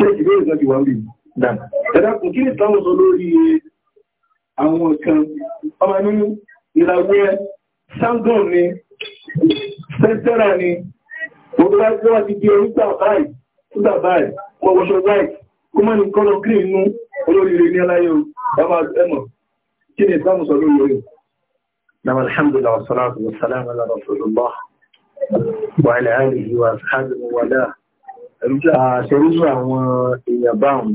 ṣe ìwé ìsọ́jú wà rí dáadáa ẹ̀dàkùn kí ní táwọn sọ àwọn kan ọmọ nínú ìlàwẹ́ sangon ni sẹ́sẹ́rà ni gbogbo láti di orígbà báyìí nígbà báyìí wọ́n wọ́ṣọ white kó الله وعلى آله àṣẹrírú àwọn èèyàn báwọn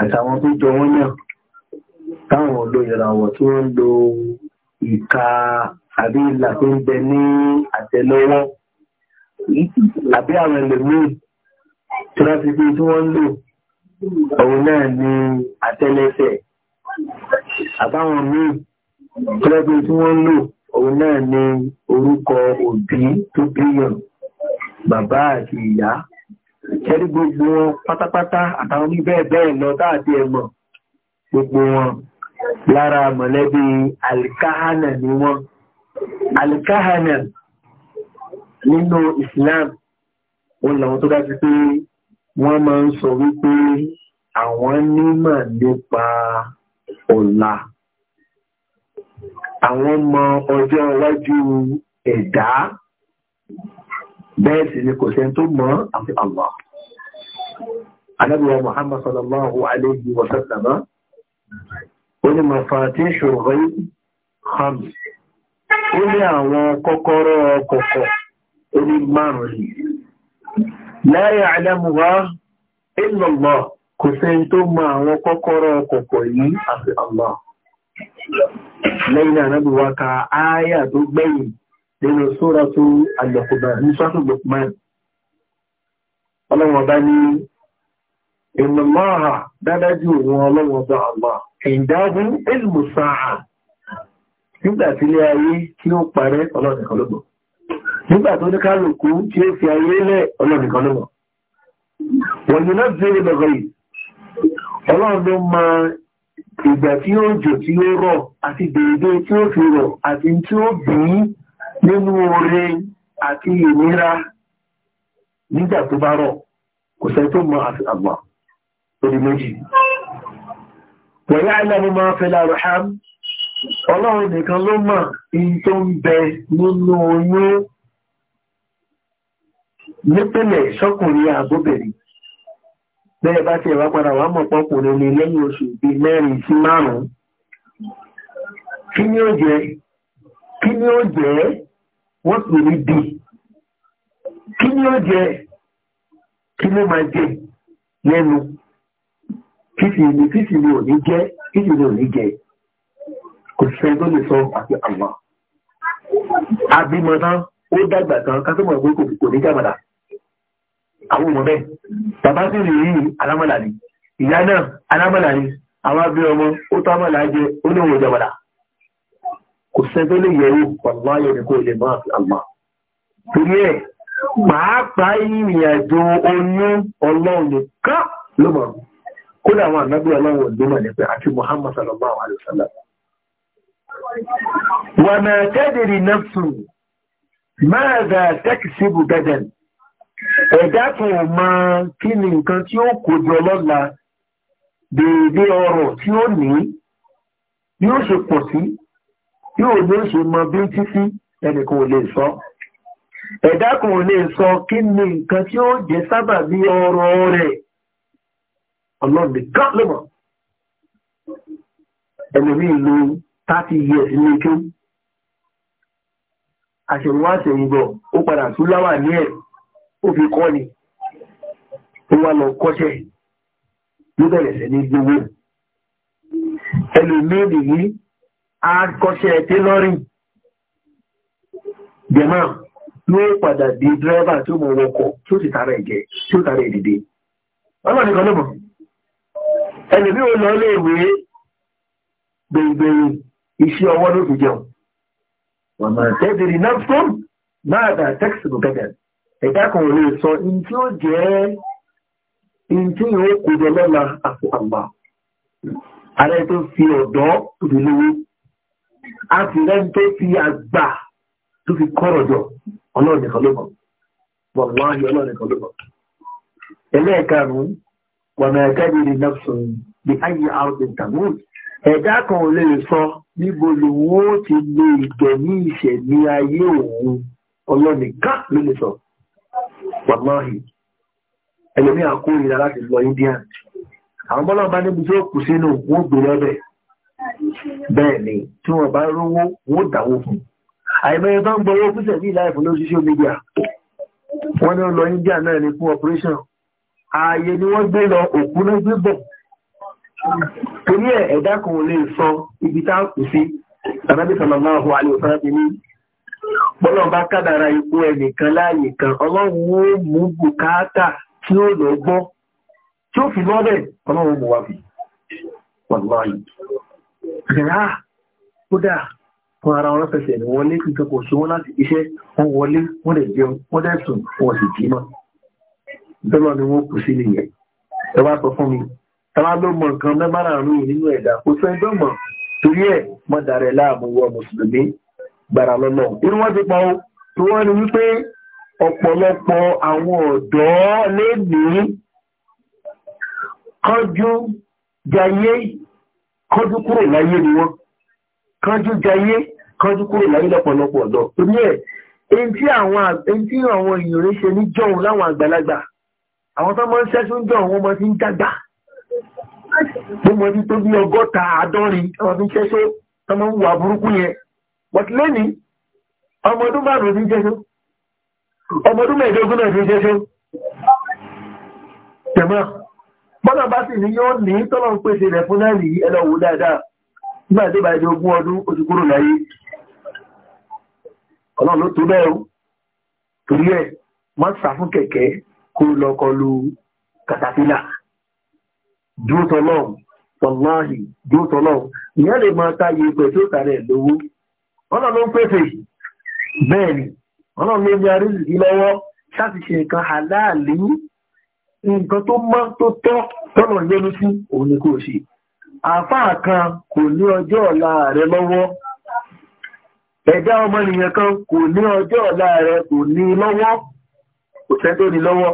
àtàwọn tó jọ wọ́n náà táwọn lo ìràwọ̀ tí wọ́n lo ìka àbí ìlà tó ń bẹ ní àtẹ́lẹwọ́ àbí àwọn ẹlòmíì tí wọ́n ti fi tí wọ́n lò òun náà ní àtẹ́lẹsẹ̀ àbáwọn míì tí wọ́n ti fi tí wọ́n lò òun náà ní orúkọ òbí tó bíyàn bàbá àti ìyá ṣẹ́rí gbogbo wọn pátápátá àtàwọn ní bẹ́ẹ̀ bẹ́ẹ̀ lọ dáàbí ẹ̀mọ̀ gbogbo wọn lára mọ̀lẹ́bí alikahana ni wọ́n alikahana nínú Islam ó làwọn tó dájú pé wọ́n máa ń sọ wípé àwọn nímọ̀ nípa ọ̀la àwọn mọ ọjọ́ iwájú ẹ̀dá. E bẹ́ẹ̀ sì ni kò sẹ́ni tó mọ̀ àfi Allah anábìwá Muhammad sallallahu alayhi wa sallam ó ní mafatihul ghaib khams ó ní àwọn kọ́kọ́rọ́ kọ̀kọ̀ ó ní márùn-ún la ya'lamuha illa Allah kò sẹ́ni tó mọ̀ àwọn kọ́kọ́rọ́ kọ̀kọ̀ yìí àfi Allah lẹ́yìn anábìwá ka ááyà tó gbẹ̀yìn nínú sóra tó àjọ̀kùnbà ní sọ́tún Luqman ọlọ́wọ̀n bá ní ìmọ̀lára dádájú òun ọlọ́wọ̀n bá àmà ìdájú ilmù sáà nígbà tí ilé ayé tí ó parẹ́ ọlọ́nìkan lọ́gbọ̀n nígbà tó ní kálukú ìgbà tí ó jò tí ó rọ̀ àti dèédé tí ó fi rọ̀ àti tí ó bìí nínú oore àti ìnira nígbà tó bá rọ̀ kò sẹ́ tó mọ àti àgbà lórí méjì wọ̀nyá ìlànà máa fẹ́ láàrọ̀ ọlọ́run nìkan ló mọ̀ in tó ń bẹ nínú oyún nípínlẹ̀ bẹ́ẹ̀ bá ti ẹ̀wà padà wà mọ̀ pọ́kùnrin ní lẹ́yìn oṣù bí wọ́n pè ní b kí ni ó jẹ kí ló máa jẹ lẹ́nu kí sì ni kí sì ni ò ní jẹ kí sì ni ò ní jẹ kò sẹ́ tó lè sọ àti àwọn abímọ tán ó dàgbà tán ká tó mọ̀ pé kò ní jàmàdà àwọn ọmọ bẹ́ẹ̀ bàbá sì rí rí alámọ̀là ni ìyá náà alámọ̀là ni àwọn abẹ́ ọmọ ó tó àmọ̀là jẹ ó ní òun jàmàdà kò sẹ́gbẹ́ lè yẹ̀wò pàmò ayọ̀rẹ́ kó lè máa fi àmà. torí ẹ̀ pàápàá ìrìn àjò oyún ọlọ́run nìkan ló mọ̀ kódà àwọn ànábì ọlọ́run ò gbé mọ̀ àti Muhammad sallallahu alayhi wa sallam. yóò ṣe pọ̀ sí yóò ní ṣe mọ bí títí ẹnìkan ò lè sọ ẹ̀dá kan ò lè sọ kí ni nǹkan tí ó jẹ́ sábà bí ọrọ̀ rẹ̀ ọlọ́run nìkan ló mọ̀ 30 years ní ikú àṣẹwọ́ àṣẹyìnbọ̀ ó padà tún láwà ní fi kọ́ ni ó wá lọ kọ́ṣẹ́ ló bẹ̀rẹ̀ sí ní akọ́ṣẹ́ tailoring jẹ̀mọ́ ló padà di dírẹ́bà tí ó mọ̀ wọkọ̀ tí ó sì tara ẹ̀jẹ̀ tí ó tara ìdìde ọlọ́run nìkan ló mọ̀ ẹni bí ó lọ lé ìwé gbèrègbèrè iṣẹ́ ọwọ́ ló fi jẹun wọ́n máa tẹ́sìrì náà fún máa dà tẹ́kìsì kò kẹ́kẹ́ ẹ̀dá kan ò lè sọ in tí ó jẹ́ in tí yóò kó jẹ lọ́la àfọ àgbà ààrẹ tó fi ọ̀dọ́ tó fi lówó a sì rẹ́ni tó fi àgbà tó fi kọ́rọ̀ jọ ọlọ́run nìkan ló mọ̀ wọ́n yọ ọlọ́run nìkan ló mọ̀. ẹlẹ́ẹ̀karùn-ún wọ́n mẹ́rin kẹ́bi ní nafsun bí ayé arúgbìn tàmúù ẹ̀dá kan ò lè sọ níbo lòun ó ti lè gbẹ̀mí ìṣẹ̀mí ayé òun ọlọ́run nìkan ló lè sọ wàláhì ẹlòmíà kórìíra láti lọ India àwọn bọ́lá bá níbi tí ó kù sínú wọn gbé lọ́bẹ̀ẹ́ bẹ́ẹ̀ ni tí wọ́n bá rówó wọ́n dáwó fún àìmọye bá ń gbọ́wọ́ fún sẹ̀mí láìfún lórí social media wọ́n ní lọ India náà ní fún operation ààyè ni wọ́n gbé lọ òkú náà gbé bọ̀ torí ẹ̀ ẹ̀dá kan ò lè sọ ibi tá kù sí tàbí sallallahu alaihi wasallam ní bọ́lọ̀ bá kádàrà ikú ẹnìkan láàyè kan ọlọ́run ó mú bùkátà tí ó lọ gbọ́ tí ó fi lọ́dẹ̀ ọlọ́run mú wá fi wàlúwàyí rà kódà fún ara wọn lọ́fẹ̀ẹ́sẹ̀ ní wọlé nǹkan kò sówó láti iṣẹ́ wọn wọlé wọn lè jẹun wọn lè sùn wọn sì jí mọ́ bẹ́ẹ̀ ni wọ́n kù sí nìyẹn ẹ wá sọ fún mi ẹ wá ló mọ nǹkan mẹ́bàrà rìn nínú ẹ̀dá kò sọ ẹjọ́ mọ̀ torí ẹ̀ mọ́ darẹ̀ láàmú wọ mùsùlùmí gbàrà lọ́nà irú wọn ti pa ó tí wọ́n ní wípé ọ̀pọ̀lọpọ̀ àwọn ọ̀dọ́ lé ní kánjú jayé kánjú kúrò láyé ni wọ́n kánjú jayé kánjú kúrò láyé lọ́pọ̀lọpọ̀ ọ̀dọ́ torí ẹ̀ èyí tí àwọn èèyàn rẹ̀ ṣe ní jọ̀hún láwọn àgbàlagbà àwọn tó máa ń ṣẹ́ṣú ń jọ̀hún wọn máa ti ń dàgbà tó mọ ibi tó bí ọgọ́ta àádọ́rin ọmọ fi ń ṣẹ́ṣó tó máa ń wà burúkú yẹn but lẹ́nìí ọmọ ọdún márùn-ún fi ń ṣẹ́ṣó ọmọ ọdún mẹ́ẹ̀ẹ́dógún náà fi ń ṣẹ́ṣó tẹ̀mọ́ bọ́nà bá sì ní yóò ní tọ́lọ̀ ń pèsè rẹ̀ fún náà nìyí ẹlọ́wò dáadáa nígbà tí bá ẹjọ́ ogún ọdún oṣù kúrò láyé ọlọ́run ló tó bẹ́ẹ̀ torí ẹ̀ sá fún kẹ̀kẹ́ kó katapila nǹkan tó mọ́ tó tọ́ tọ́nà yẹnu sí òun ni kò ṣe àfáà kan kò ní ọjọ́ ọ̀la rẹ lọ́wọ́ ẹ̀dá ọmọnìyàn kan kò ní ọjọ́ ọ̀la rẹ kò ní lọ́wọ́ kò sẹ́ tó ní lọ́wọ́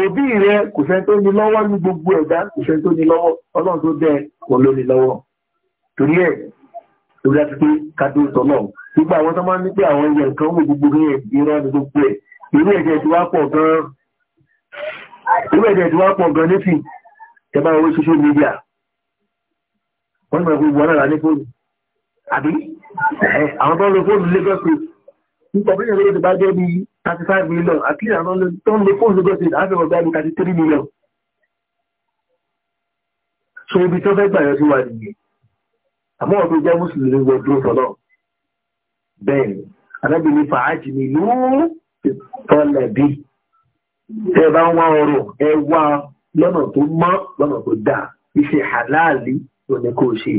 òbí rẹ kò sẹ́ tó ní lọ́wọ́ ní gbogbo ẹ̀dá kò sẹ́ tó ní lọ́wọ́ ọlọ́run tó bẹ́ẹ̀ kò ló ní lọ́wọ́ torí ẹ̀ torí àti pé kádó sọ́nà gbogbo àwọn tó máa ń ní pé àwọn ẹ̀yẹ nǹkan wò gbogbo irọ́ ní gbogbo ẹ̀ irú ẹ̀jẹ̀ ti wá pọ̀ gan-an ìwé ẹ̀dẹ̀ tí wọ́n pọ̀ gan nísìn tẹ́bá owó social media wọ́n ní gbogbo wọn lára ní fóònù àbí àwọn tó ń lo fóònù Lagos State nípa bí ìrìn bá jẹ́ bí 35 million àti àwọn tó ń lo fóònù Lagos State àfihàn gbá bí 33 million so ibi tó fẹ́ gbà yọ sí wa nìyẹn àmọ́ ọ̀tún jẹ́ mùsùlùmí wọ dúró fọlọ́ bẹ́ẹ̀ ni alábìnrin fàájì ni tọ́lẹ̀ bíi tẹ́ bá wá ọrọ̀ ẹ wá lọ́nà tó mọ́ lọ́nà tó dáa iṣẹ́ àláàlì ló ní kó ṣe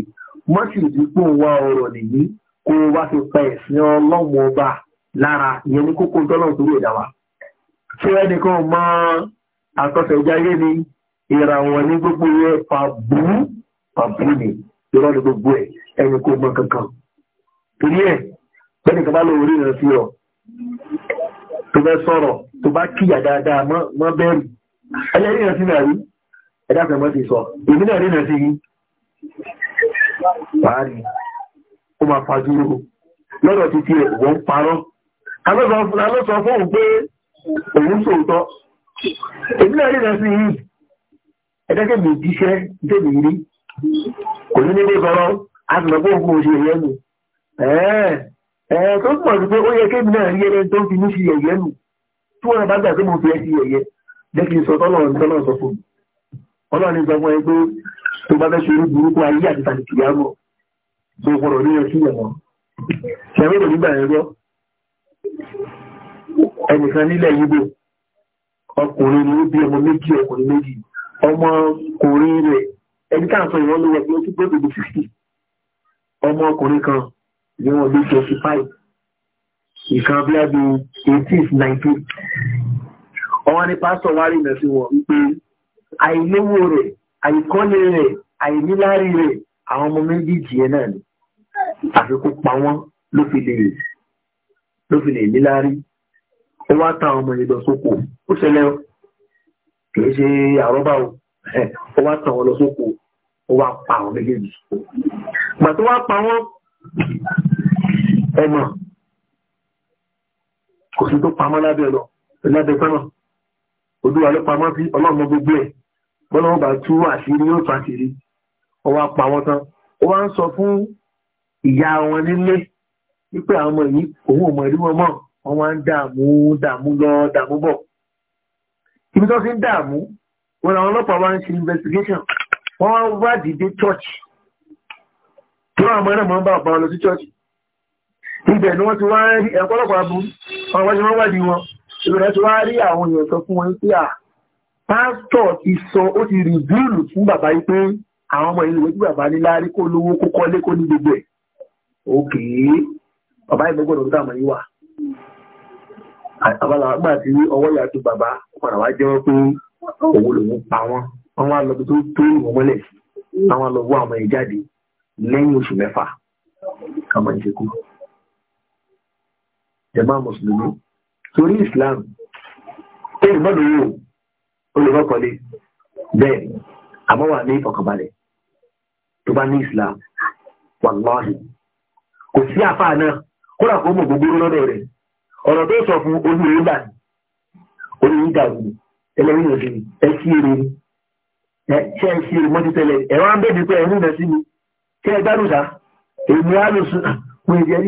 wọ́n sì rí pé òun wá ọrọ̀ nìyí kó wá fi pa ẹ̀sìn ọlọ́run ọba lára ìyẹn ní kókó tọ́lọ́run tó lè dá wa. ṣé ẹnìkan mọ àtọ́fẹ̀jáyé ni ìràwọ̀ ní gbogbo yẹ pàbú pàbú ni irọ́ ní gbogbo ẹ̀ ẹni kò mọ kankan. torí ẹ̀ bẹ́ẹ̀ nìkan bá lọ orí rẹ̀ sí ọ tó fẹ́ sọ̀rọ̀ tó bá kíyà dáadáa mọ́ bẹ́ẹ̀rù ẹ̀yẹ́ rí ìrántí náà rí ẹ̀dá kan mọ́ ti sọ èmi náà rí ìrántí rí wàárí ó máa fàdúró lọ́dọ̀ títí ẹ̀ wọ́n parọ́ alọ́sọ fóun pé òun sòótọ́ èmi náà rí ìrántí rí ẹ̀dẹ́gẹ́ mi jíṣẹ́ débi rí kò ní nílé sọ̀rọ̀ a sì lọ fóun kó o ṣe ìyẹn nù ẹ̀ẹ́ tó pọ̀ sí pé ó yẹ kébì náà rí ẹni tó fi ní ṣe ìyẹn tí wọ́n bá gbà pé mo fi ẹ́ sí ẹ̀yẹ jẹ́ kí n sọ tọ́lọ́run tọ́lọ́run sọ fún mi ọlọ́run sọ fún ẹ pé tó bá fẹ́ ṣe orí burúkú ayé àti tàbí àmọ́ tó gbọ́dọ̀ ní ẹ̀sí ẹ̀wọ̀n ṣẹ̀rọ ìlú nígbà ẹ̀rọ ẹnìkan nílẹ̀ yíbo ọkùnrin ni ó bí ọmọ méjì ọkùnrin méjì ọmọkùnrin rẹ̀ ẹni ká sọ ìwọ́n lówó ẹgbẹ́ tó gbọ́dọ̀ bí 60 ọmọkùnrin kan ni wọ́n bí 25 nǹkan bí i eighteen nineteen ọwọ́n ní pásítọ̀ wá rí ìrìnà sí wọn wípé àìléwò rẹ̀ àìkọ́lé rẹ̀ àìníláárí rẹ̀ àwọn ọmọ méjèèjì yẹn náà ni àfikún pa wọ́n ló fi lè ló fi lè níláárí ó wá ta ọmọ yìí lọ sóko ó ṣẹlẹ̀ kìí ṣe àrọ́bà o ó wá ta wọn lọ sóko ó wá pa àwọn méjèèjì gbà tó wá pa wọ́n ẹ̀mọ̀ kò sí tó pamọ́ lábẹ́ lọ lábẹ́ sọ́nà olúwa ló pamọ́ sí ọlọ́run gbogbo ẹ̀ bọ́lá wọn bá tú àṣírí yóò tún àṣírí ọwọ́ apá wọn tán ó wá ń sọ fún ìyá wọn nílé wípé àwọn ọmọ yìí òun ò mọ̀ rí wọn mọ́ wọn wá ń dààmú dààmú lọ dààmú bọ̀ ibi tó fi ń dààmú wọn làwọn ọlọ́pàá wá ń ṣe investigation wọ́n wá wádìí dé church tí wọ́n àmọ́ náà máa ń bá ọ̀pá lọ sí church ibẹ̀ ni wọ́n ti wá rí ẹ̀kọ́lọ́pọ̀ abúrú àwọn wájú wọ́n wádìí wọn ìrẹ̀ ti wá rí àwọn èèyàn sọ fún wọn pé à pásítọ̀ ti sọ ó ti rí bíìlù fún bàbá yìí pé àwọn ọmọ ìlú tí bàbá ní láàrí kó lówó kó kọ́lé kó ní gbogbo ẹ̀ òkè bàbá yìí gbọ́dọ̀ tó àmọ́ yìí wà àbálà àgbà tí ọwọ́ ìyá tó bàbá padà wá jẹ́wọ́ pé òwò lòun pa wọn wọn lọ tó tó ìwọ̀n mọ́lẹ̀ àwọn lọ wọ àwọn ìjáde lẹ́yìn oṣù mẹ́fà kàmọ́ ìṣekú jẹ̀má mùsùlùmí torí islam pé ìgbọ́dọ̀ yóò olùmọ́kànlé bẹ́ẹ̀ àmọ́ wà ní ìfọ̀kànbalẹ̀ tó bá ní islam wàláhì kò sí àfà náà kódà kó mọ̀ gbogbo lọ́dọ̀ rẹ̀ ọ̀rọ̀ tó sọ fún olú rẹ̀ gbà olú yìí dàrú ẹlẹ́rìí òsì ẹ sí èrè ẹ ṣe ẹ sí èrè mọ́tí tẹ́lẹ̀ ẹ wá ń bẹ́ẹ̀ bí pé ẹ ní mi ṣe ẹ dánù sá èmi á lò sùn pé ẹ ní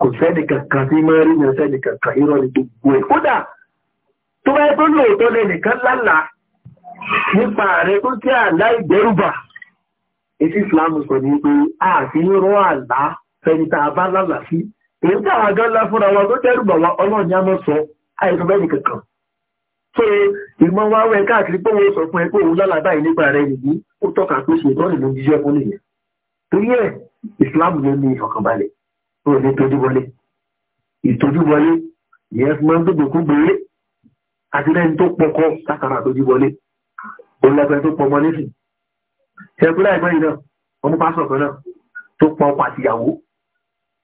kò sẹ́ni kankan tí máa rí ní sẹ́ni kankan irọ́ ni gbogbo ẹ̀ kódà tó bá yẹ tó lóòótọ́ lẹ́nìkan lálàá nípa rẹ tó a àlá ìgbẹ́rùbà etí ìsìlámù sọ ní pé àti rán àlá fẹni tá a bá lálàá sí èyí tí àwọn agánlá fúnra wa tó jẹ́rùbà wa ọlọ́ọ̀ni á mọ̀ sọ àìsàn bẹ́ẹ̀ kankan tó ìmọ̀ wa wẹ̀ káàkiri pé òun sọ fún ẹ pé òun lálàá báyìí nípa rẹ nìyí ó tọ́ka pé ṣètọ́ ìlú jíjẹ́ fún nìyẹn torí ẹ̀ ìsìlámù ló ní ìfọ̀kànbalẹ̀ ó ní tójú wọlé ìtójú wọlé ìyẹn fi máa ń gbogbo kú gbèrè àti lẹ́yìn tó pọkọ látara tójú wọlé ó lẹ́gbẹ́ tó pọmọ lẹ́sì ṣẹ́gbẹ́ láìpẹ́ yìí náà ọmọ pásọ̀ kan náà tó pọ ọkọ̀ àtìyàwó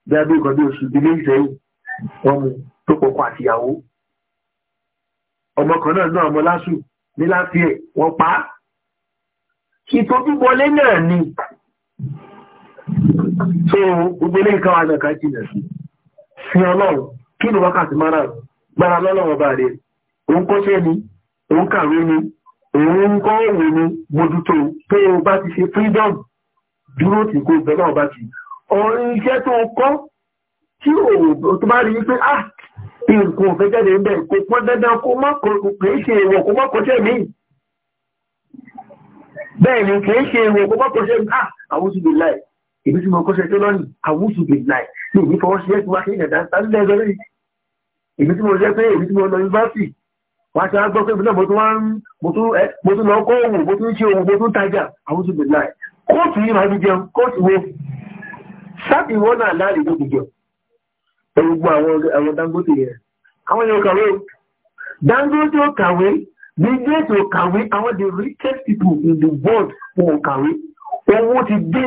bí abẹ́ ìkan bí oṣù ilé ìsẹ́yìn wọ́n mu tó pọ ọkọ̀ àtìyàwó ọmọ kan náà náà ọmọ lásù ní láti ẹ̀ wọ́n pa á ìtójú wọlé náà ni so gbogbo ilé nǹkan wà nàka jìnà sí sí ọlọ́run kí ni wákàtí mara gbára lọ́lọ́run ọba rẹ̀ òun kọ́ṣẹ́ ni òun kàwé ni òun ń kọ́ òwe ni mójútó pé o bá ti ṣe freedom dúró tí kò bẹ́ẹ̀ náà bá ti ọ̀rọ̀ iṣẹ́ tó kọ́ tí o tó bá rí pé ah nǹkan ò fẹ́ jáde níbẹ̀ kò pọ́n dandan kó má kò kìí ṣe èèwọ̀ kó má kọ́ṣẹ́ mi bẹ́ẹ̀ ni kìí ṣe èèwọ̀ kó má kọ́ṣẹ́ mi ah àwọn oṣù tó láì ìbí tí mo kọ́ ṣe tó lọ́nìí àwùjù bèèrè láì ní ìbí fọwọ́ ṣe ẹ̀kú wáṣẹ́ ìyàdá sálẹ̀ ẹgbẹ̀rẹ̀ ìbí tí mo jẹ́ pé ìbí tí mo lọ yunifásitì wá ṣe gbọ́ pé ìbílẹ̀ mo tún lọ kọ́ òwò mo tún ṣe òwò mo tún tajà àwùjù bèèrè láì kóòtù yìí máa fi jẹun kóòtù wo sáàtì ìwọ náà láàrin ló fi jẹun gbogbo àwọn Dangote yẹn àwọn yóò kàwé Dangote ó kàwé Bill Gates kàwé àwọn the richest people in the world ó kàwé owó ti dé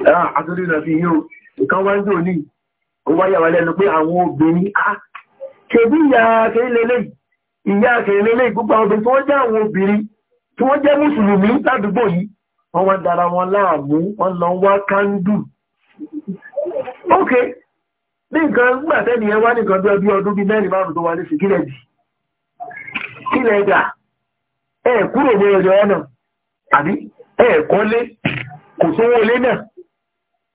àtúndì náà fi yóò nǹkan wá ń jò ní ó wáyà wá lẹ́nu pé àwọn obìnrin á ah, ṣebí ìyá akẹ́lẹ́lẹ́ ìyá akẹ́lẹ́lẹ́ gbogbo àwọn obìnrin tí wọ́n jẹ́ àwọn obìnrin tí wọ́n jẹ́ mùsùlùmí ládùúgbò yìí wọ́n wá dára wọn láàmú wọ́n lọ wá kándù ókè ní nǹkan gbàtẹ́ni ẹ wá nìkan bí ọdún ọdún bí mẹ́rin márùn tó wà ní síkílẹ̀ jì kílẹ̀ dà ẹ̀ kúrò ní ọjọ́ ọ̀nà àbí ẹ̀ kọ́lé kò sówó ilé náà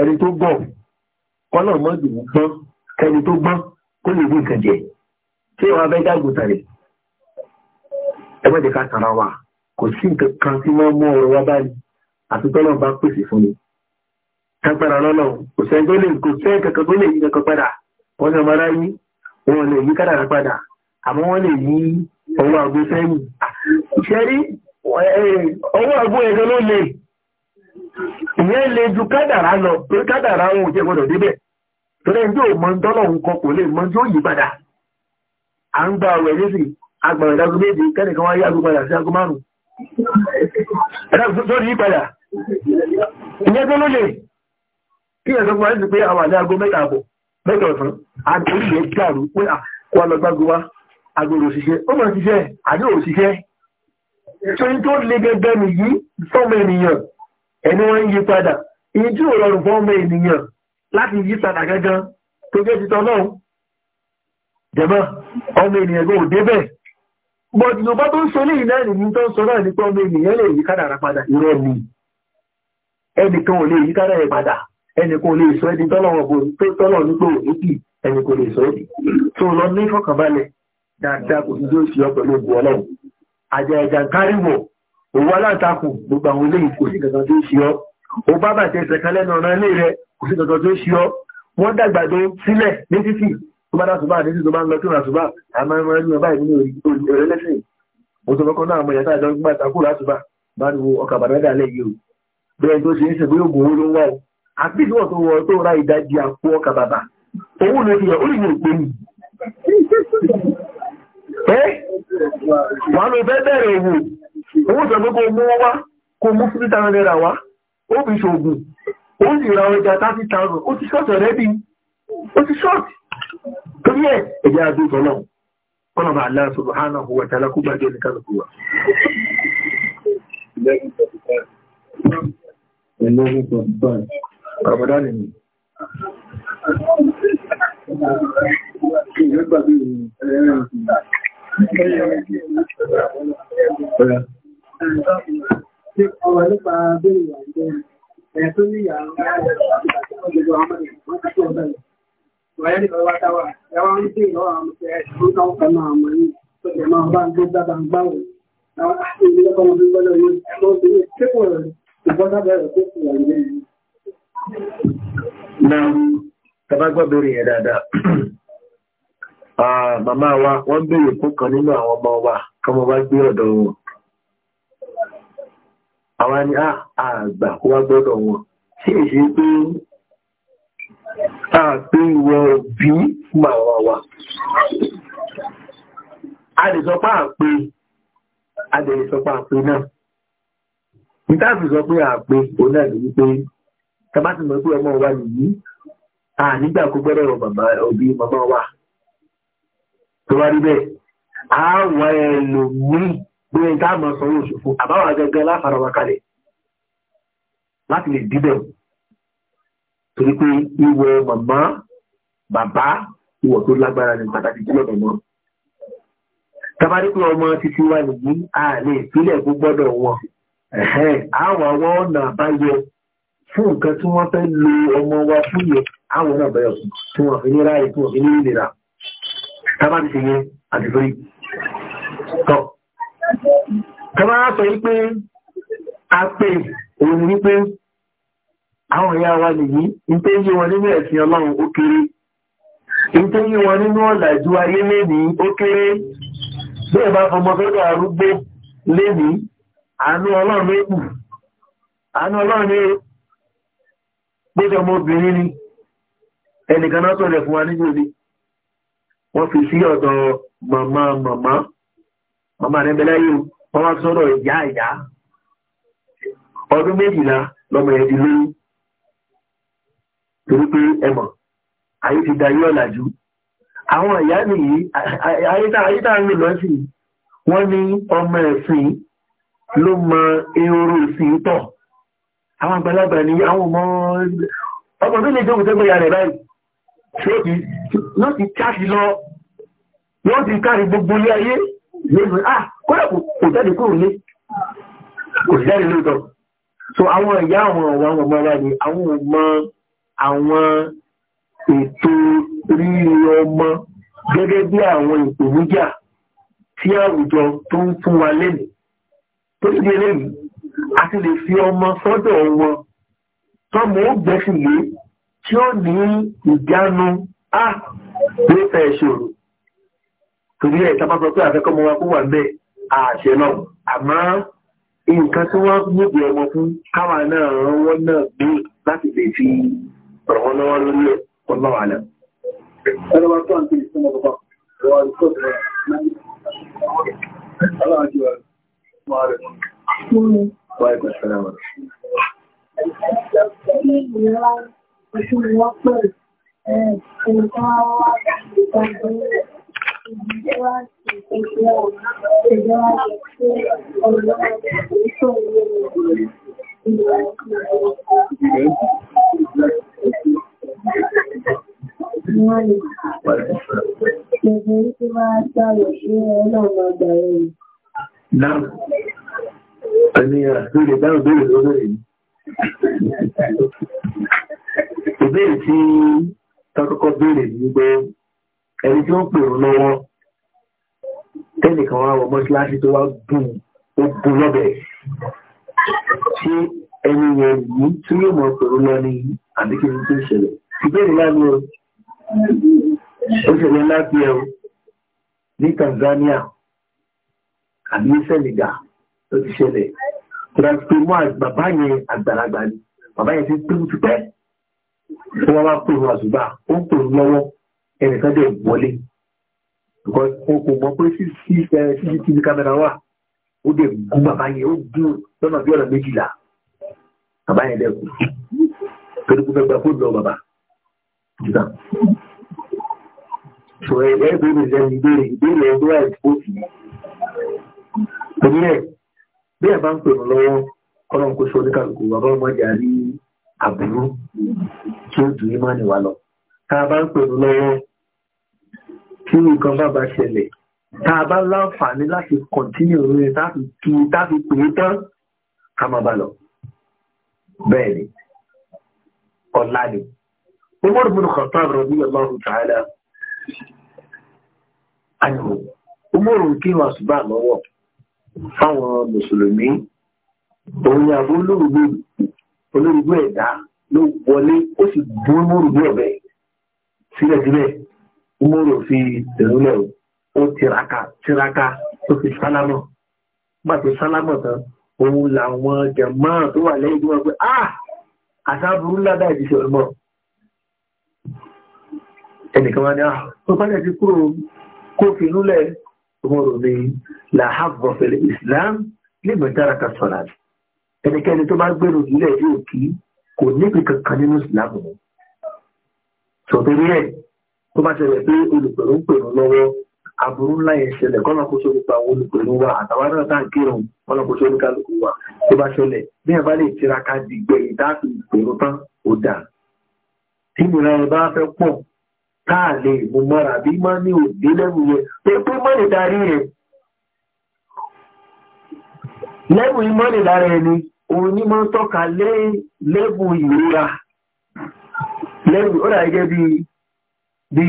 ẹni tó gọ̀ kọ́nà mọ́jù gbọ́n kẹni tó gbọ́n kó lè rí nǹkan jẹ tí wọn abẹ́ dàgbò tàlẹ̀ ẹgbẹ́dẹ̀ ká tara wa kò sí nǹkan kan tí wọ́n mú ọrọ̀ wá báyìí àti tọ́lọ̀ bá pèsè fún mi kápẹ́ra lọ́nà kò sẹ́ni tó lè kò sẹ́ni kankan tó lè yí kankan padà wọ́n sọ mara yí wọn lè yí kádàrá padà àmọ́ wọ́n lè yí ọwọ́ àgbo sẹ́yìn ṣẹ́rí ọwọ́ àgbo ẹ̀gẹ́ ló lè ìyẹn lè ju kádàrá lọ pé kádàrá òun jẹ́ gbọ́dọ̀ torí ẹni mọ tọ́lọ̀ ụkọ mọ tí ó yí padà à ń gba méje wáyé padà sí ago márùn fún wa pé àwọn ago mẹ́ta àbọ̀ mẹ́ta ọ̀sán dàrú pé kó a lọ gbágo wa agbèrò òṣìṣẹ́ ó mọ̀ ṣiṣẹ́ àdé òṣìṣẹ́ tó ń tó le gẹ́gẹ́ nìyí ẹni wọ́n ń yí padà ìjú ìrọ̀rùn fún ọmọ ènìyàn láti yí padà gangan tó gé ti tọ́lọ́hun jẹ̀mọ́ ọmọ ènìyàn gò débẹ̀ bọ̀dì yorùbá tó ń sọ lẹ́yìn náà nìyí tó ń sọ náà nípa ọmọ ènìyàn lè yí padà irọ́ ni ẹnìkan ò lè yí kádàrá padà ẹnìkan ò lè sọ ẹni tọ́lọ̀ nípò òkè ò lè sọ ẹni tó lọ ní fọkànbalẹ̀ dáadáa kò òwú alátakò gbogbo àwọn ilé ìkò sí kankan tó ṣe ọ́ ó bá bàtẹ ẹsẹ̀ kan lẹ́nu ọ̀nà ilé rẹ̀ kò sí kankan tó ṣe ọ́ wọ́n dàgbàdo sílẹ̀ ní títì tó bá dásùbà ní títì tó bá ń lọ kí ràṣùbà àmọ́ ẹ̀rọ ẹ̀rọ báyìí nínú ọ̀rẹ́ lẹ́sìn mo sọ fọ́kọ́ náà àmọ́ ìyàtọ̀ àjọ gbígbà takò ràṣùbà bá ní ọkà bàdàdà lẹ́ yìí o bẹ́ẹ̀ tó ṣe ń ṣe bóyá ògùn owó ló ń wá o àbí ìwọ̀n tó wọ tó ra ìdajì àpò ọkà bàbà owó ló fi hàn ó lè ní òpin ẹ wàá lọ fẹ́ bẹ̀rẹ̀ òwò owó ìjọba kó mú wá kó mú fifty thousand naira wá ó fi ṣoògùn ó sì ra ọjà thirty thousand ó ti ṣọ́ọ̀tì ọ̀rẹ́bí ó ti ṣọ́ọ̀tì torí ẹ̀ ẹ̀jẹ̀ àdó ìtọ́lọ́ ọlọ́ba Allah subhanahu wa ta'ala kó gbàgbé nìkan ló wà. Ramadan ni. Yeah ọ̀rọ̀ nípa abẹ́rẹ́ ìwà ìjọ ẹ̀ tó ní ìyá àwọn ọmọdé wọn ti tó ọ̀bẹ̀ lọ. Ìwáyé ní ọwọ́ táwà, ẹwà ń dè lọ́wọ́ àwọn ọmọdé ẹ̀ tó táwọn kan máa mọ̀ ní tó jẹ máa bá ń gbé dábàá ń gbáwò. Àwọn àti ìdílé kan ló ń gbọ́dọ̀ yóò tó ti ní kíkò rẹ̀ ìbọ́dá bẹ̀rẹ̀ tó ti wà nílé yìí. Na tabagbọ́ bèrè yẹn dáadáa. Ah, màmá wa, wọ́n béèrè fún kan nínú àwọn ọmọ wa, kọ́mọ bá gbé ọ̀dọ̀ wọn àwa ni àgbà kó wá gbọ́dọ̀ wọn tí è ṣe pé àpé ìwọ òbí fún àwa wa a lè sọ pé àpé a lè sọ pé àpé náà ìtàfi sọ pé àpé òun náà lè wípé tàbá ti mọ̀ pé ọmọ wa nìyí a nígbà kó gbọ́dọ̀ rọ bàbá òbí màmá wa tó wá rí bẹ́ẹ̀ a wà ẹlòmíì gbé ní táàmù sanwó òṣòfò àbáwà gẹ́gẹ́ láfara wa kalẹ̀ láti lè díbẹ̀ torí pé ìwọ màmá bàbá ìwọ tó lágbára ní pàtàkì jùlọ màmá tabari pé ọmọ títí wa nìyí a lè ìpínlẹ̀ kó gbọ́dọ̀ wọn àwọn àwọn ọ̀nà àbáyọ fún nǹkan tí wọ́n fẹ́ lo ọmọ wa fún yẹ àwọn ọ̀nà àbáyọ fún tí wọ́n fi ní ráàyè tí wọ́n fi ní ìlera tabari ṣe yẹ àti fẹ́ẹ́ kọmọ́ á sọ wípé a pè òun wípé àwọn ìyá wa nìyí ní tó yí wọn nínú ẹ̀sìn ọlọ́run ó kéré ní tó yí wọn nínú ọ̀làjú ayé lẹ́ni ó kéré bí ẹ̀ fọmọ sọ́dọ̀ arúgbó lẹ́ni àánú ni ẹnìkan náà sọ̀rọ̀ fún wa ni wọ́n fi sí ọ̀dọ̀ màmá màmá màmá rẹ̀ wọ́n wá sọ́rọ̀ ìyá ìyá ọdún méjìlá lọ́mọ ẹ̀dì lóyún torí pé ẹmọ̀ ayé ti da yọ́ làjú àwọn ìyá nìyí ayétà ń lò lọ́sì wọ́n ní ọmọ ẹ̀sìn ló mọ ehoro ìsìn tọ̀ àwọn àgbàlagbà ní àwọn ọmọ ọmọ tó lè jókòó tẹ́gbẹ́ ìyá rẹ̀ báyìí ṣé kìí lọ́ti káàkiri lọ wọ́n ti káàkiri gbogbo ilé ayé lẹ́nu ah kódà kò jáde kúrò ní kò jáde lóòótọ́ so àwọn ìyá àwọn ọ̀wọ́ àwọn ọmọ wa ni àwọn ọmọ àwọn ètò rírí ọmọ gẹ́gẹ́ bí àwọn ìpèníjà tí àwùjọ tó ń fún wa lẹ́nu tó ti di eléyìí a ti lè fi ọmọ sọ́dọ̀ wọn tọmọ ó gbẹ́sìn yé tí ó ní ìdánu ah ló fẹ́ ṣòro torí ẹ̀ tá bá sọ pé àfẹ́kọ́mọ wa kó wà ń bẹ́ àṣẹ náà àmọ́ nǹkan tí wọ́n níbi ọmọ fún káwa náà ràn wọ́n náà gbé láti lè fi ràn wọ́n lọ́wọ́ lórí ẹ̀ kọ́ náà wà náà. ẹ̀rọ wa tó àǹtí ìsúnmọ̀ bàbá wà ní kóòtù rẹ̀ náà aláàjì wa máa rẹ̀ wà ẹ̀kọ́ sẹ́lẹ̀ wà. Ilé ìlera oṣù wọ́pẹ̀ ẹ̀ ẹ̀ ń bá wá ìgbàgbọ́ Ìbéèrè tí tọ́kọ́kọ́ béèrè ní gbé ẹni tí ó ń pè ọ́ lọ́wọ́ tẹ́nìkan wá wọ mọ́ṣíláṣí tó wá gùn ó gùn lọ́bẹ̀ ṣé ẹni yẹn yìí tí yóò mọ̀ pè ọ́ lọ ní àbíkí tó ṣẹlẹ̀ ìbéèrè láti o ó ṣẹlẹ̀ láti ẹ̀ ní Tanzania àbí Senegal ló ti ṣẹlẹ̀ tìrasìtì mọ́ bàbá yẹn àgbàlagbà ni bàbá yẹn ti tó ti pẹ́ wọ́n wá pè ọ́ àṣùgbà ó ń pè ọ́ lọ́wọ́ ẹnìkan dẹ̀ wọlé because o kò mọ̀ pé cctv camera wà ó dẹ̀ gún bàbá yẹn ó dún lọ́nà bí ọ̀nà méjìlá bàbá yẹn dẹ̀ kú torí kò fẹ́ gba fóònù lọ bàbá jùlọ. sọ ẹ ẹ bẹ́ẹ̀ bẹ́ẹ̀ sẹ́ni ìbéèrè ìbéèrè ẹ̀ ló wà ìfòsì. torí ẹ bí ẹ bá ń pèrò lọ́wọ́ kọ́lọ́n kó sọ oníkàlùkù bàbá ọmọdé àrí àbúrú tí ó dùn ní mọ́ni wa lọ tá a bá ń pèrò lọ́wọ́ tí nǹkan bá bá ṣẹlẹ̀ tá a bá láǹfààní láti kọ̀ntínú rẹ̀ táfi kí táfi pè é tán ká máa bá lọ. bẹ́ẹ̀ ni ọ̀la ni Umar bin Khattab radiyallahu ta'ala anhu Umar kí wọn àṣùbà lọ́wọ́ fáwọn mùsùlùmí òun ni àbúrò olórúgbó ẹ̀dá ló wọlé ó sì dúró lórúgbó ọ̀bẹ yìí síbẹ̀síbẹ̀ umoro fi tẹ̀lúlẹ̀ ó tiraka tiraka tó fi sálámọ̀ bá ti sálámọ̀ tán òun làwọn jẹ̀mọ́ tó wà lẹ́yìn tí wọ́n pé ah àṣà burú ládà ìdíṣẹ́ ọmọ ẹnìkan wá ní ah tó bá lẹ́ẹ̀dí kúrò kó fi núlẹ̀ umoro ní làhàbọ̀ fẹ̀lẹ̀ islam lẹ́gbẹ̀ẹ́ dára ká sọ̀rọ̀ ẹnikẹ́ni tó bá gbèrò nílẹ̀ yóò kí kò níbi kankan nínú islam wọn sọ̀tẹ́rí ẹ̀ tó bá ṣẹlẹ̀ pé olùpẹ̀rù ń pèrò lọ́wọ́ aburú ńlá yẹn ṣẹlẹ̀ kọ́nà kó sórí pa àwọn olùpẹ̀rù wa àtàwọn náà tá à ń kírun kọ́nà kó sórí kálukú wa tó bá ṣẹlẹ̀ bí ẹ bá lè tiraka dìgbẹ́ ìdáàbò ìpèrò tán ó dà tí ìmúra ẹ bá fẹ́ pọ̀ tá à lè mú mọ́ra bí má ní òde lẹ́rù yẹn pé pé má lè darí yẹn lẹ́rù yìí má lè darí ẹni òun ní máa ń tọ́ka lẹ́rù ìrora lẹ́yìn ó dàgẹ́ bí bí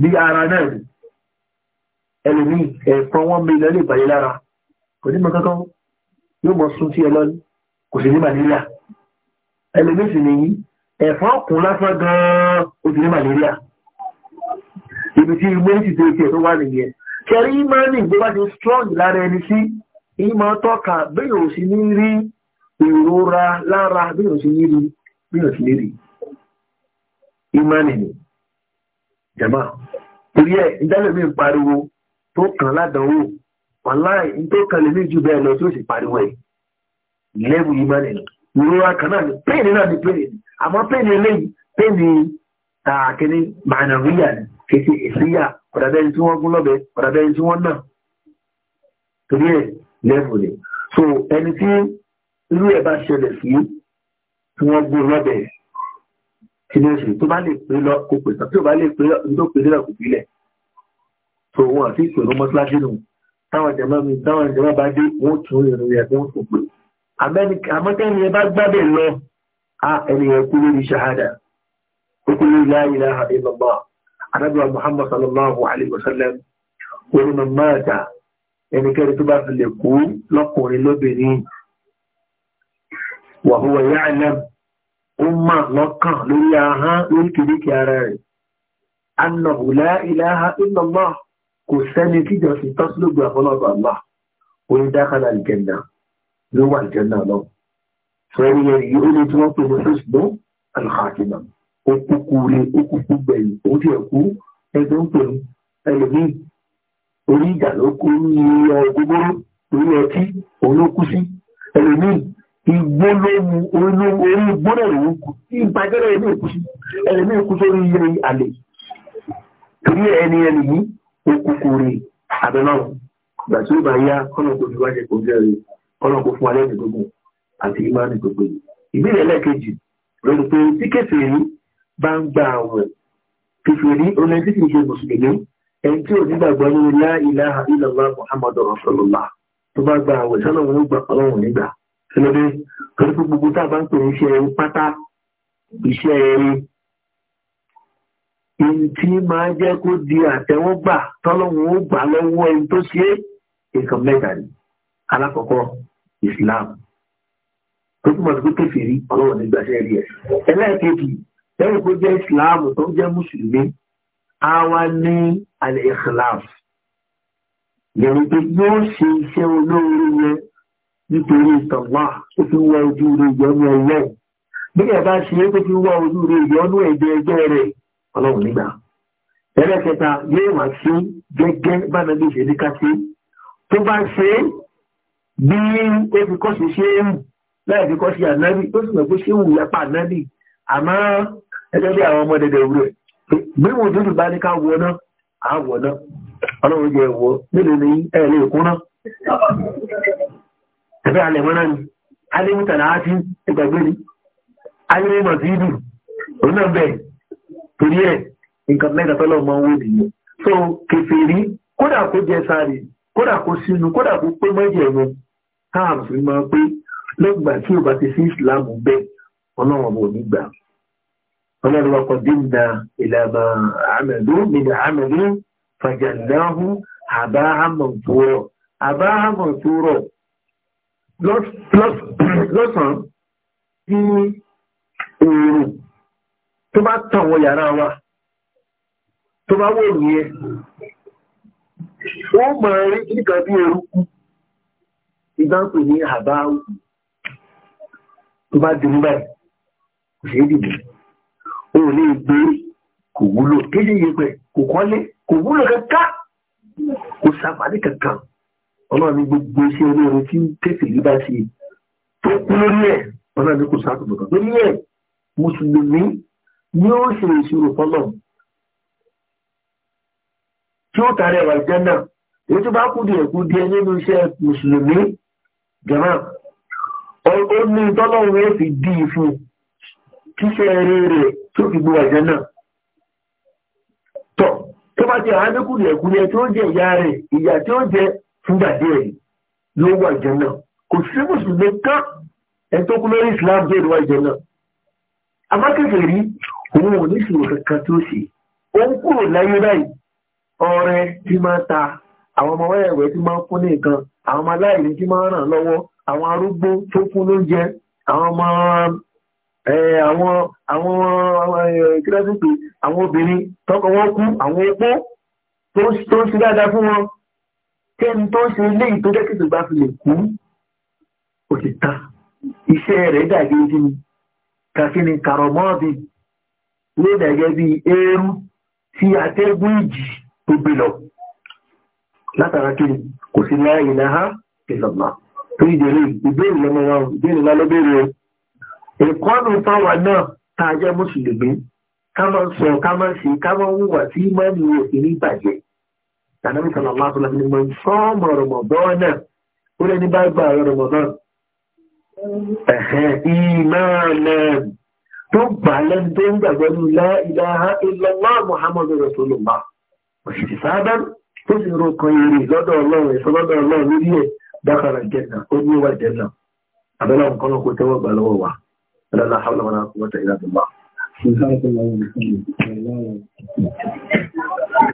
bí ara náà ni ẹlòmí ẹ̀fọn wọn mi lọ lè bàyẹ̀ lára kò ní mọ kankan yóò mọ sun sí ẹ lọ́nà kò sí ní màlíríà ẹlòmí sì nìyí ẹ̀fọn kùn lásán gan-an ó sì ní màlíríà ibi tí ilé sì tó tiẹ̀ tó wà nìyẹn kẹrí ìmọ̀ọ́nì tó bá ti strong lára ẹni sí ìmọ̀ tọ́ka bí yóò sì ní rí ìrora lára bí yóò ní rí bí yóò ní rí ìmánì ni jẹ̀mọ́ torí ẹ̀ ìdálẹ́mí ń pariwo tó kàn ládánwò wàláì tó kàn lè ní jù bẹ́ẹ̀ lọ tí ó sì pariwo ẹ̀ lẹ́wù ìmánì ni ìrora kan náà ni pẹ́ẹ̀nì náà ni pẹ́ẹ̀nì ni àmọ́ pẹ́ẹ̀nì eléyìí pẹ́ẹ̀nì tààkiri mànàríyà ni kìí ìsíyà ọ̀dàbẹ́ni tí wọ́n gún lọ́bẹ̀ ọ̀dàbẹ́ni tí wọ́n náà torí ẹ̀ lẹ́wù ni so ẹni tí irú ẹ̀ bá ṣẹlẹ̀ sí tí wọ́n gún lọ́bẹ̀ kí ló ṣe tó bá lè pé lọ kó pè tán tí ò bá lè pé lọ pé lọ kò bílẹ̀ tó wọn àti ìpèrò mọ́ṣáláṣí nù táwọn jẹmọ́ mi táwọn jẹmọ́ bá dé wọn tún ìrìn rẹ̀ tó ń fò pé àmọ́tẹ́ni ẹ bá gbábẹ̀ lọ a ẹni ẹ kú lórí ṣahada ó kú lórí la ilaha illallah anábìwá muhammad sallallahu alayhi wa sallam onímọ̀ máa ta ẹnikẹ́ni tó bá fi lè kú lọ́kùnrin lóbìnrin wàhùwà ya'lam ó mà lọ́kàn lórí ahán lórí kìríkì ara rẹ̀ annahu la ilaha illallah kò sẹ́ni tíjọ sí tọ́sílógbò àfọlọ́gbà Allah orí dákàlà aljanna ló wà aljanna lọ sọ ẹni yẹn yìí ó lè tí wọ́n pè ní fésìbó alhakinam ó kú kú rí ó kú kú gbẹ̀yìn ó ti ẹ̀kú ẹgbẹ́ ń pè ní ẹlòmíì orí ìjà ló kú ní ọgógóró orí ọtí òun ló kú sí ẹlòmíì ìgbólómù orí ìgbónà ìwò kù tí ìgbàjẹ́rẹ̀ ẹ̀mí ìkúsí ẹ̀mí ìkúsí orí ilé alẹ́ torí ẹni ẹni yìí òkùnkùn rẹ̀ àbẹ̀lọ́rùn ìgbà tí ó bá yá kọ́nàkó fi kò jẹ́ fún alẹ́ àti gbogbo yìí ìbéèrè ẹlẹ́ẹ̀kejì lórí pé tí kẹfìrí bá ń gba àwẹ̀ kẹfìrí oní tí kìí ṣe mùsùlùmí ẹni tí ò nígbàgbọ́ ní la ilaha illallah muhammadu rasulullah tó bá gba àwẹ̀ sọ́nà ẹlẹ́dẹ́ pẹ̀lú gbogbo tá a bá ń pè iṣẹ́ ẹ̀rí pátá iṣẹ́ ẹ̀rí èyí tí máa jẹ́ kó di àtẹ́wọ́gbà tọ́lọ́hun ó gbà lọ́wọ́ ẹni tó ṣe nǹkan mẹ́ta ni alákọ̀ọ́kọ́ Islam tó túmọ̀ sí pé kèfèrí ọlọ́wọ́ nígbà ṣe rí ẹ̀ ẹlẹ́ẹ̀kejì lẹ́yìn kó jẹ́ Islam tó jẹ́ mùsùlùmí àwa ní al-ikhlas yẹ̀rù pé yóò ṣe iṣẹ́ olóore yẹn nítorí ìtànwá ó fi ń wá ojú rẹ̀ ìyọ́nú ọlọ́run bí ẹ̀ bá ṣe é tó fi ń wá ojú rẹ̀ ìyọ́nú ẹ̀jẹ̀ ẹgbẹ́ rẹ̀ ọlọ́run nígbà ẹlẹ́kẹta yóò wá sí gẹ́gẹ́ bánadé ṣe ní kásí tó bá ṣe bí ó fi kọ́ sí ṣe ń láì fi ànábì ó sì mọ̀ pé wù yapa ànábì àmọ́ ẹgbẹ́ bí àwọn ọmọ dẹ̀dẹ̀ wúrẹ̀ bí wọn dúdú bá ní ká wọ náà á náà ọlọ́run jẹ́ wọ nílùú ní ẹ̀ẹ́lẹ́ ẹ̀fẹ́ alẹ̀ mọ́ná ni aléwútàlá á ti ìgbàgbé ni aléwúmọ̀ sí ìdù òun náà bẹ̀ torí ẹ̀ nǹkan mẹ́ta tọ́lọ̀ mọ́ owó nìyẹn so kèfèrí kódà kó jẹ sáré kódà kó sínú kódà kó pé mọ́jẹ̀ ẹ̀rọ táàmù sí máa pé lọ́gbà tí ò bá ti sí ìsìlámù bẹ́ẹ̀ ọlọ́run ọmọ òní gbà ọlọ́run wa kọ dínà ìlànà àmẹ̀lú nílẹ̀ àmẹ̀lú fàjàndáhùn àbáhámọ̀ tó rọ̀ àbáhámọ̀ tó rọ̀ lọ́sàn-án tí oòrùn tó bá tàn wọ yàrá wa tó bá wò ní ẹ wọ́n mọ̀ rí kíkà bí eruku ìgbàpè ní àbáwù tó bá dì níbẹ̀ kò ṣe é dìbò o lè gbé kò wúlò kéde yìí pẹ̀ kò kọ́lé kò wúlò kankan kò sàfàdé kankan ọlọ́run ní gbogbo iṣẹ́ olóore tí kékeré bá ṣe tó kú lórí ẹ̀ ọlọ́run ní kò sáàtùmọ̀ kan lórí ẹ̀ mùsùlùmí ni ó ṣe ìṣirò fọlọ́ tí ó tààrẹ wà jẹ́ náà èyí tó bá kú díẹ̀ kú díẹ̀ nínú iṣẹ́ mùsùlùmí jẹ̀mọ́ ó ní tọ́lọ́run ó fi dí i fún tíṣẹ́ eré rẹ̀ tó fi gbowó àjẹ́ náà tọ̀ tó bá ti àádọ́kùnrin ẹ̀kúnlẹ̀ tí ó jẹ ìyá rẹ̀ ìyá tí ó fúngbà díẹ̀ ló wà jẹ́nà kò sí mùsùlùmí kan ẹ̀tọ́ kú lórí islam jẹ́ ìwà jẹ́nà amákẹ́fẹ́ rí òun ò ní ìṣòro kankan tó ṣe ó ń kúrò láyé báyìí ọrẹ tí máa ta àwọn ọmọ wẹ́ẹ̀wẹ́ tí máa ń fún ní nǹkan àwọn ọmọ aláìní tí máa ń ràn lọ́wọ́ àwọn arúgbó tó fún lóúnjẹ àwọn ọmọ àwọn àwọn kíláàsì pé àwọn obìnrin tọkọ wọn kú àwọn opó tó ń ṣe dáadáa fún wọn kẹ́ni tó ṣe ilé ìtọ́jẹ́kìtì bá fi lè kú òtítà iṣẹ́ rẹ̀ dàgé jí ni kàkíní kàrọ̀mọ́ọ̀bì ló dàgẹ́ bí eérú tí atẹ́gùn ìjì tó gbé lọ látara kí kò sí láàyè náà ìlọ́mà tó ìdèrè ìbéèrè lọ́mọ wọn ìbéèrè lálọ́bẹ̀rẹ̀ ìkọ́nù fáwa náà tá a jẹ́ mùsùlùmí ká máa sọ ká máa ṣe ká máa ń hùwà sí mọ́ni òfin ní ìbàjẹ́ tàbí sọ̀rọ̀ máa sọ̀rọ̀ ní mọ̀ sọ́ọ̀mọ̀ rọ̀mọ̀dán náà ó lé ní bá gbà rọ̀mọ̀dán ìmáànà tó gbà lẹ́nu tó ń gbàgbọ́ ní la ilaha illallah muhammadu rasulullah òṣìṣẹ́ sáábà tó sì ro kan èrè lọ́dọ̀ ọlọ́run ẹ̀sọ́ lọ́dọ̀ ọlọ́run lórí ẹ̀ dákàrà jẹ́nà ó ní wà